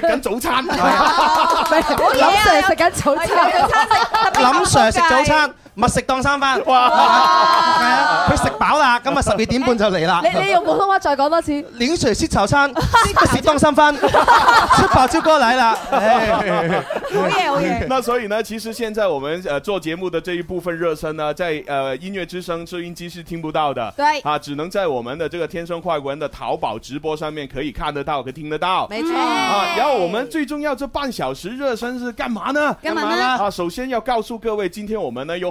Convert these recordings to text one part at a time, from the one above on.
食緊早餐，林 Sir 食緊早餐，林 Sir 食早餐。物食當三番，佢食、啊、飽啦，咁啊十二點半就嚟啦、欸。你你用普通話再講多次。零水食早餐，物食當三番，食飽就過嚟啦。專、 哎、那所以呢，其實現在我們、呃、做節目的這一部分熱身呢，在呃音樂之聲收音機是聽不到的。對啊，只能在我們的這個天生快聞的淘寶直播上面可以看得到，可聽得到。沒錯、嗯、啊然後我們最重要，這半小時熱身是幹嘛呢，呢？幹嘛呢？啊，首先要告訴各位，今天我們呢有。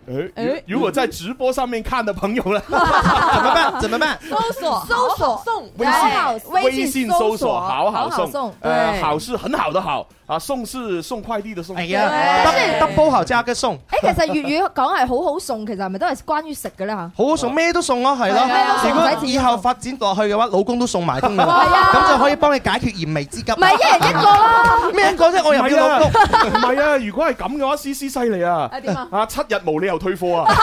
誒、欸，如果在直播上面看的朋友咧、嗯，怎麼辦？怎麼辦？搜索搜索送，微信微信搜索，搜索，搜索好好送，呃、對，好是很好的好啊，送是送快遞的送。哎呀，double 好加個送。誒，其實粵語講係好好送，哈哈，其實係咪都係關於食嘅咧吓？好好送咩都送、啊、咯，係咯。如果以後發展落去嘅話，老公都送埋添嘅，咁、啊啊、就可以幫你解決燃眉之急、啊。唔係一人一個啦，咩一個啫？我又係老公，唔 係啊。如果係咁嘅話，思思犀利啊。啊，七日無理。又退貨啊，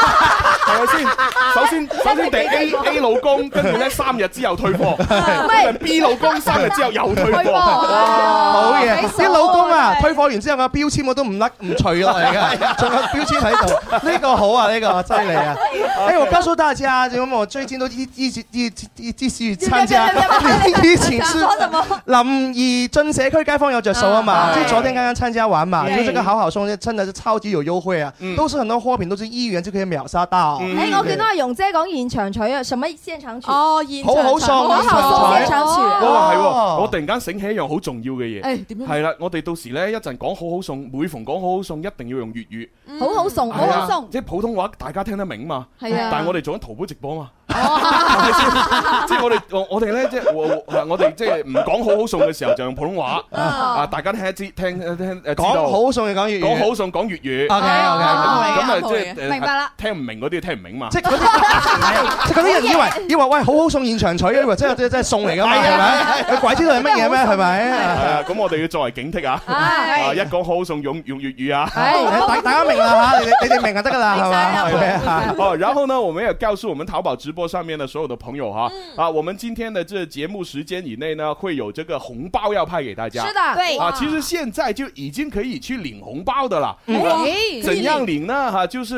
係 咪先？首先首先第 A A 老公，跟住咧三日之後退貨，跟 住 B 老公三日之後又退貨，冇 嘢。啲老公啊，退貨完之後個標籤我都唔甩唔除落嚟嘅，仲 有標籤喺度。呢 個好啊，呢、這個犀利啊！哎、okay. 欸，我告訴大家，咁我最近都一直一直一直參加。以前是林義進社區街坊有着數啊嘛，即 係、啊就是、昨天剛剛參加完嘛，因 為、嗯、這個好好送，真的是超級有優惠啊，嗯、都是很多貨品都。先醫院將佢嘅秒殺打落、嗯欸、我見到阿容姐講現場取啊，什麼？現場取？哦，現場好好送，好好送、哦，現場取、哦哦哦哦哦。我突然間醒起一樣好重要嘅嘢。係、哎、啦，我哋到時咧一陣講好好送，每逢講好好送，一定要用粵語。嗯、好、嗯、好送，好好送，即、就、係、是、普通話大家聽得明嘛？係、嗯、啊。但係我哋做緊淘寶直播嘛？即、哦、係 是說 我哋我哋咧即係我哋即係唔講好好送嘅時候就用普通話啊，啊！大家聽一啲聽聽誒，講好好送嘅講粵語，講好好送講粵語。OK OK，咁啊即係。明白啦，聽唔明嗰啲聽唔明嘛，即係嗰啲嗰啲人以為以為喂好好送現場取，以為真真真係送嚟㗎，係、哎、咪？鬼、哎、知道係乜嘢咩？係、嗯、咪？係啊，咁、哎、我哋要作為警惕啊！係、哎啊、一講好好送用用粵語啊、哎！大家明啦嚇、啊啊，你你哋明就得㗎啦，係嘛？哦、嗯啊，然後呢，我們也告訴我們淘寶直播上面的所有的朋友哈、啊嗯，啊，我們今天的這節目時間以內呢，會有這個紅包要派給大家。是的對啊，其實現在就已經可以去領紅包的啦。怎樣領呢？哈，就是。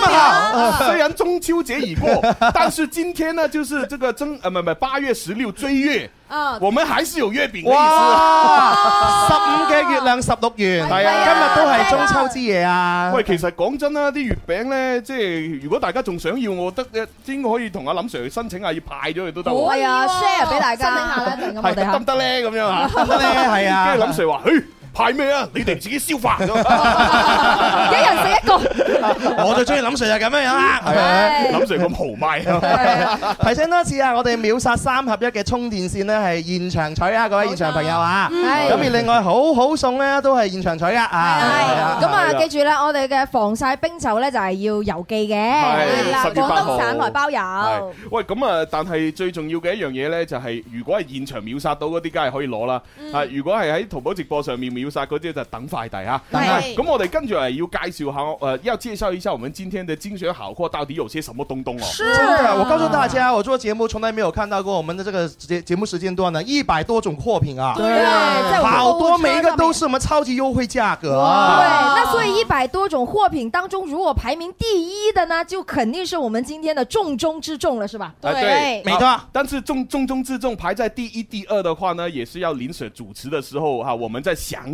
咁雖然中秋節已過， 但是今天呢，就是這個真，唔係唔係八月十六追月，啊，我們還是有月餅可以食。十五嘅月亮十六圓，係、哎、啊，今日都係中秋之夜啊。喂、啊哎，其實講真啦，啲月餅咧，即係如果大家仲想要，我得，邊個可以同阿林 Sir 申請下要派咗佢都得。係啊，share 俾、啊、大家，申請一下啦，係得唔得咧？咁樣啊，得 得咧？係 啊，跟住、啊、林 Sir 話，嘿。 派咩啊？你哋自己消化咯，一人食一個。我最中意諗食就咁樣樣啦，諗食咁豪邁。提醒多次啊，我哋秒殺三合一嘅充電線咧，係現場取啊，各位現場朋友啊。咁而另外好好送咧，都係現場取啊。咁啊，記住咧，我哋嘅防曬冰酒咧就係要郵寄嘅，廣東省內包郵。喂，咁啊，但係最重要嘅一樣嘢咧，就係如果係現場秒殺到嗰啲，梗係可以攞啦。啊，如果係喺淘寶直播上面，要晒嗰啲就等快遞吓，咁我哋跟住嚟，要介紹下，呃，要介紹一下我們今天的精選好貨到底有些什麼東東哦。是，啊真的，我告訴大家，我做節目從來沒有看到過我們的這個節節目時間段呢，一百多種貨品啊，對，對。好多每一個都是我們超級優惠價格、啊哦。對，那所以一百多種貨品當中，如果排名第一的呢，就肯定是我們今天的重中之重了，是吧？對，啊，對沒錯，哦。但是重重中之重排在第一、第二的話呢，也是要臨時主持的時候，哈，啊，我們在想。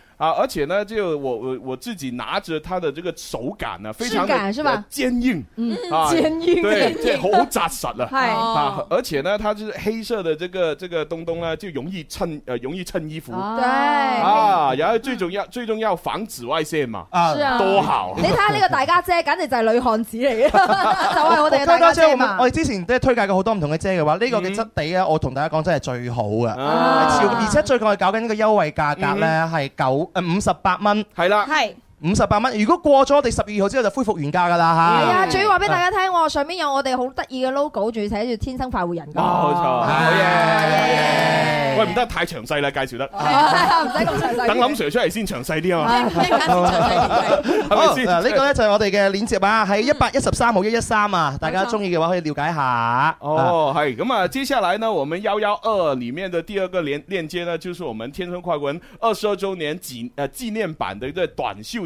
啊，而且呢，就我我我自己拿着它的這個手感啊，非常堅硬，嗯，堅、啊、硬，堅、啊、硬，好紮實啦， 啊，而且呢，它就是黑色的這個這個東東啦、啊，就容易襯、啊，容易襯衣服、啊，對，啊，然、嗯、後最重要、嗯、最重要防紫外線嘛，啊，多好，啊、多好你睇下呢個大家姐， 簡直就係女漢子嚟嘅，就 係 我哋大家姐我哋之前都推介過好多唔同嘅遮嘅話，呢、這個嘅質地咧，我同大家講真係最好嘅、嗯啊，啊，而且最近我搞緊呢個優惠價格咧，係、嗯、九。誒五十八蚊，係啦。五十八蚊，如果過咗我哋十二號之後就恢復原價噶啦嚇。係、嗯、啊，仲要話俾大家聽喎、嗯，上面有我哋好得意嘅 logo，仲要寫住天生快活人。冇、啊、錯，好、啊、嘢。啊、yeah, yeah, yeah, yeah, yeah, yeah, yeah, 喂，唔得，太詳細啦，介紹得。真係唔使咁詳細。等林 Sir 出嚟先詳細啲啊嘛。係。呢個咧就係我哋嘅鏈接啊，喺一百一十三號一一三啊，大家中意嘅話可以了解下。哦，係，咁啊，接下來呢，我們一一二裏面的第二個鏈鏈接呢，就是我們天生快活人二十二周年紀誒紀念版的一個短袖。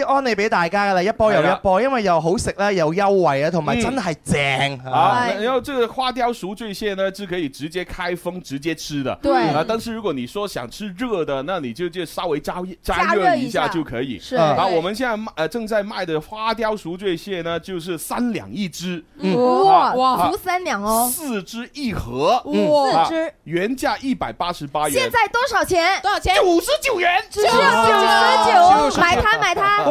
安利畀大家嘅啦，一波又一波，因為又好食啦，又優惠、嗯、啊，同埋真係正。係，然後這個花雕熟醉蟹呢，是可以直接開封直接吃的。對。啊、嗯，但是如果你說想吃熱的，那你就就稍微加加熱一下就可以。是,、嗯是。啊，我們現在賣，呃，正在賣的花雕熟醉蟹呢，就是三兩一隻。哇、嗯、哇！啊、哇三兩哦、啊。四隻一盒。哇！啊、四隻原價一百八十八元，現在多少錢？多少錢？九十九元。只要九十九，買它、啊、買它。啊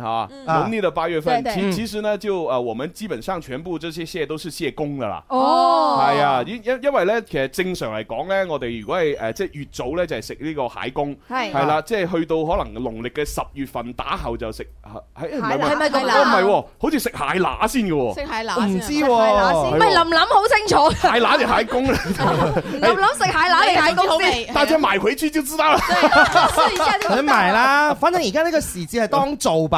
哈、啊，農曆八月份，其、嗯、其實呢就，誒、啊，我們基本上全部這些蟹都是蟹公嘅啦。哦，係啊，因為因為呢，其實正常嚟講呢，我哋如果係，誒、呃，即、就、係、是、越早呢就係食呢個蟹公，係係啦，即係、啊啊就是、去到可能農曆嘅十月份打後就食、啊哎，蟹係咪咁啊？唔係、哦，好似食蟹乸先嘅、哦，食蟹乸、哦，唔知，唔係林林好清楚，蟹乸定蟹公？林林食蟹乸定蟹公好味，大家買回去就知道啦。埋 啦，反正而家呢個時節係當造吧。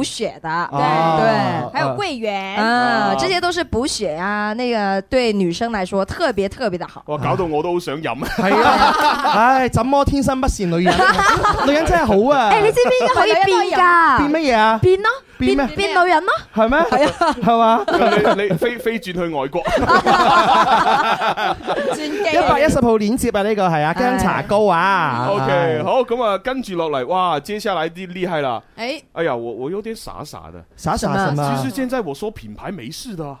補血的，對對，還有桂圓，嗯、呃呃呃，這些都是補血啊。那個對女生來說特別特別的好。哇，搞到我都好想飲、呃、 對啊！係啊，唉，怎麼天生不善女人？ 女人真係好啊！哎、欸，你知唔知應該可以變㗎？變乜嘢啊？變咯。變咩？變女人咯，係咩？係 啊，係嘛 你你飛飛轉去外國，一百一十號鏈接啊！呢、這個係啊，薑茶膏啊。OK，好咁啊，跟住落嚟，哇，接下來啲厲害啦。誒、哎，哎呀，我我有點傻傻的，傻傻啊！其實現在我說品牌沒事的、啊。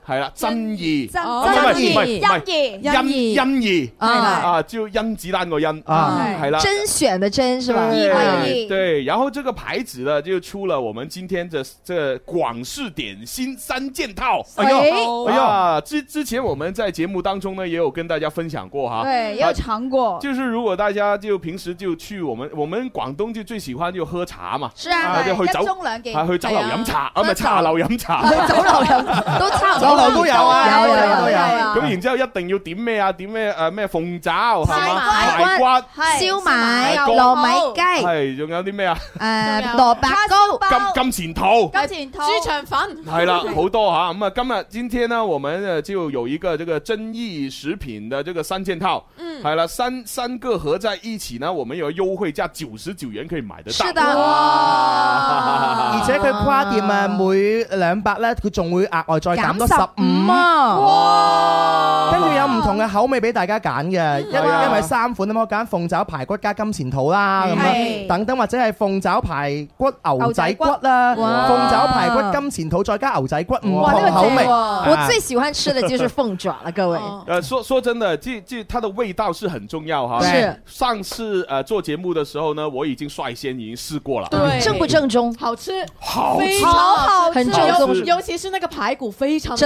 係啦，straight up like 疼哦 servis 啊、真兒，唔係唔係唔係，真兒，真兒，真兒，啊，甄子丹個甄，係啦。甄選的甄是吧？對、啊，哎、然後這個牌子呢、啊，嗯、compressions 子呢就出了我們今天這這廣式點心三件套。哎呀，哎呀，之前我們在節目當中呢，也有跟大家分享過哈，對，有嘗過。就是如果大家就平時就去我們我們廣東就最喜歡就喝茶嘛，係啊，去一盅兩件，係去酒樓飲茶，咁咪茶樓飲茶，酒樓飲都茶。都有啊，有有有，有，有，咁、嗯、然之後一定要點咩啊？點咩誒咩鳳爪、排骨、燒賣、啊、糯米雞，係仲有啲咩啊？誒蘿蔔糕、金金錢肚、豬腸粉，係啦，好多嚇咁啊！今 日、嗯、今天啦，我們就有一個這個珍意食品的這個三件套，嗯，係啦，三三個合在一起呢，我們有優惠價九十九元可以買得到，哇，哇！而且佢跨店啊，每兩百咧，佢仲會額外再減多。十五、嗯、啊，哇跟住有唔同嘅口味俾大家揀嘅，因為三款、嗯、啊嘛，揀鳳爪排骨，加金錢肚啦，咁、嗯、樣、嗯嗯、等等或者係鳳爪排骨、牛仔骨啦，鳳爪排骨、金錢肚再加牛仔骨，呢個口味。我最喜歡吃的就是鳳爪啦， 各位。誒、呃，說說真的，即即它的味道是很重要哈。是，上次、呃、做節目的時候呢，我已經率先已經試過了對，正不正宗，好吃，好吃非常好吃，好好，很正宗，尤其是那個排骨非常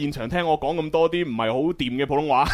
現場聽我講咁多啲唔係好掂嘅普通話，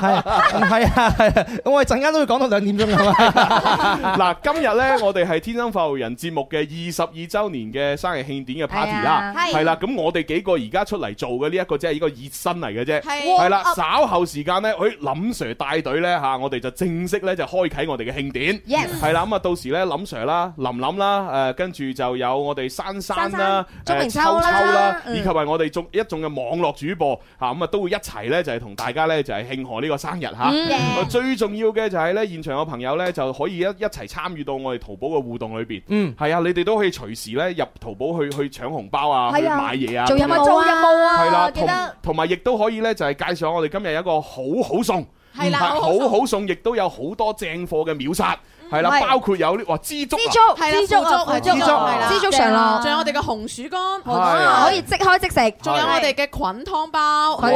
係係啊係。我哋陣間都要講到兩點鐘咁啊。嗱，今日咧我哋係《天生發育人》節目嘅二十二週年嘅生日慶典嘅 party 啦，係啦。咁我哋幾個而家出嚟做嘅呢一個即係呢個熱身嚟嘅啫，係啦。稍後時間咧，誒林 Sir 帶隊咧嚇，我哋就正式咧就開啟我哋嘅慶典，係啦。咁啊，到時咧林 Sir 啦、林林啦、誒跟住就有我哋珊珊啦、秋秋啦，以及係我哋一組嘅網絡主播嚇，咁啊、嗯，都會一齊呢，就係、是、同大家呢，就係、是、慶賀呢個生日嚇。啊、Yeah. 最重要嘅就係呢，現場嘅朋友呢，就可以一一齊參與到我哋淘寶嘅互動裏邊。嗯，係啊，你哋都可以隨時呢入淘寶去去搶紅包啊，啊去買嘢啊，做任務啊，係啦，同埋亦都可以呢，就係、是、介紹我哋今日有一個好好送。係啦，好好送，亦都有好多正貨嘅秒殺，係啦，包括有啲話支竹，係啦，支竹，支竹，支竹上咯，仲有我哋嘅紅薯乾，可以即開即食，仲有我哋嘅菌湯包，翻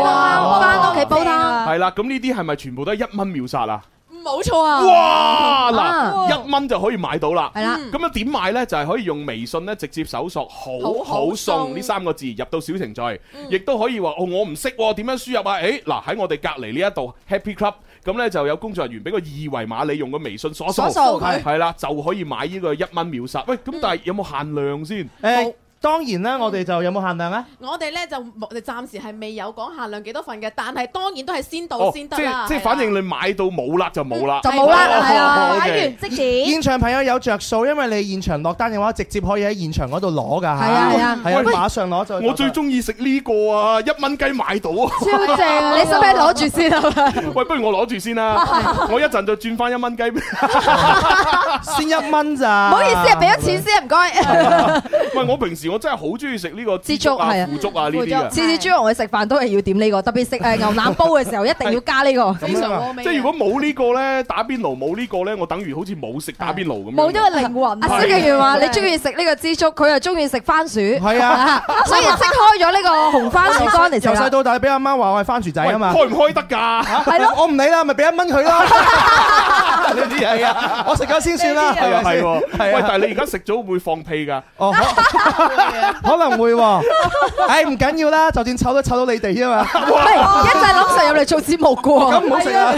屋企煲湯，係啦，咁呢啲係咪全部都係一蚊秒殺啊？冇錯啊！哇，嗱、啊啊，一蚊就可以買到啦。係啦，咁樣點買呢？就係、是、可以用微信直接搜索好好送呢三個字，入到小程序，亦、嗯、都可以話哦，我唔識點樣輸入啊？誒、欸，嗱喺我哋隔離呢一度 Happy Club，咁呢就有工作人員俾個二維碼你，用個微信掃一掃，係啦，就可以買呢個一蚊秒殺。喂、欸，咁但係有冇限量先？嗯欸欸當然啦、嗯，我哋就有冇限量啊？我哋咧就暫時係未有講限量幾多份嘅，但係當然都係先到先得、哦、即係反正你買到冇啦就冇啦、嗯，就冇啦，係啊，買完、okay、即止。現場朋友有着數，因為你現場落單嘅話，直接可以喺現場嗰度攞㗎。係啊係啊，係啊，馬上攞就。我最中意食呢個啊，一蚊雞買到啊！超正，你使唔使攞住先啊？喂，不如我攞住先啦、啊， 我一陣就轉翻一蚊雞、嗯、先一蚊咋？唔好意思啊，俾咗錢先，唔該。喂，我平時。我真係好中意食呢個支竹啊、腐竹啊呢啲。次次豬肉去食飯都係要點呢個，特別食誒牛腩煲嘅時候一定要加呢個，非常和味。即係如果冇呢個咧，打邊爐冇呢個咧，我等於好似冇食打邊爐咁。冇咗個靈魂。阿蕭敬員話：你中意食呢個支竹，佢又中意食番薯。係啊，所以即開咗呢個紅番薯乾嚟食啦。由細到大，俾阿媽話我係番薯仔啊嘛。開唔開得㗎？係咯。我唔理啦，咪俾一蚊佢啦。你知係啊，我食咗先算啦，係啊，係喎，喂，但係你而家食咗會放屁噶，哦，可能會，唉，唔緊要啦，就算臭都臭到你哋啊嘛，喂，一陣諗成入嚟做節目噶，咁唔好食啦，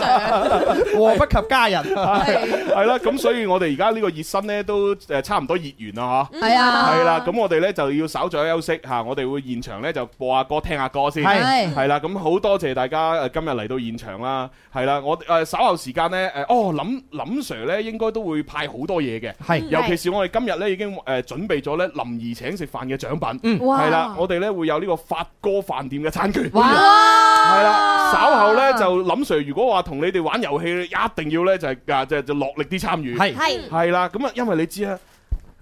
上，禍不及家人，係，係啦，咁所以我哋而家呢個熱身咧都誒差唔多熱完啦吓，係啊，係啦，咁我哋咧就要稍作休息吓，我哋會現場咧就播下歌聽下歌先，係，係啦，咁好多謝大家誒今日嚟到現場啦，係啦，我誒稍後。時間咧，誒，哦，林林 Sir 咧，應該都會派好多嘢嘅，係是，尤其是我哋今日咧，是已經誒準備咗咧林兒請食飯嘅獎品，嗯，係啦，我哋咧會有呢個發哥飯店嘅餐券，係啦哇，稍後咧就林 Sir，如果話同你哋玩遊戲咧，一定要咧就即係就落力啲參與，係係啦，咁啊，因為你知啦。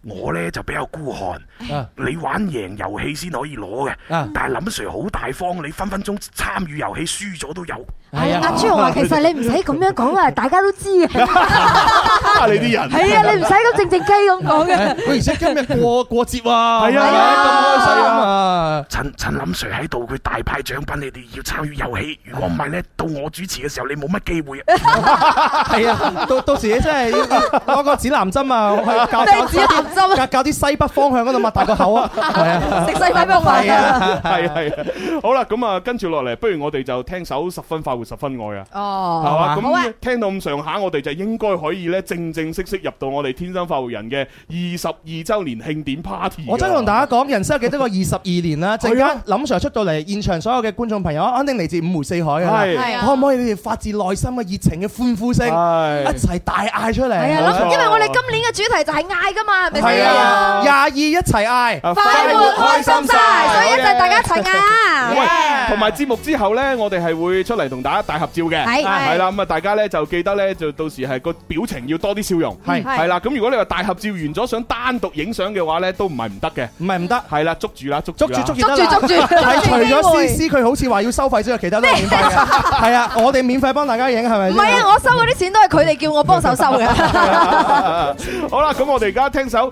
我咧就比較孤寒，啊、你玩贏遊戲先可以攞嘅，啊。但係林 Sir 好大方，你分分鐘參與遊戲輸咗都有。係啊，阿朱紅話其實你唔使咁樣講啊， 大家都知嘅。 你啲人，係啊，你唔使咁靜靜雞咁講嘅。佢唔使今日過 過節啊，係啊，咁、啊、開心啊！啊啊趁趁林 Sir 喺度，佢大派獎品，你哋要參與遊戲。如果唔係咧，到我主持嘅時候，你冇乜機會。係 是啊， 啊，到到時你真係攞個指南針啊，教 知道 教教啲西北方向嗰度擘大個口啊！食西北風飯啊！係係，好啦，咁啊，跟住落嚟，不如我哋就聽首十分快活十分愛啊！哦，係嘛，咁聽到咁上下，我哋就應該可以咧，正正式式入到我哋天生快活人嘅二十二週年慶典 party。我真係同大家講，人生有幾多個二十二年啦？陣間林 Sir 出到嚟，現場所有嘅觀眾朋友肯定嚟自五湖四海嘅啦，可唔可以你哋發自內心嘅熱情嘅歡呼聲，一齊大嗌出嚟？係啊，因為我哋今年嘅主題就係嗌㗎嘛，係咪？係啊，廿二一齊嗌，快活開心晒，所以一陣大家一齊嗌啦。同埋節目之後咧，我哋係會出嚟同大家大合照嘅。係係啦，咁啊大家咧就記得咧，就到時係個表情要多啲笑容。係係啦，咁如果你話大合照完咗想單獨影相嘅話咧，都唔係唔得嘅。唔係唔得，係啦，捉住啦，捉捉住捉住。捉住捉住，係除咗 C C，佢好似話要收費之外，其他都係免費嘅。係啊，我哋免費幫大家影，係咪？唔係啊，我收嗰啲錢都係佢哋叫我幫手收嘅。好啦，咁我哋而家聽首。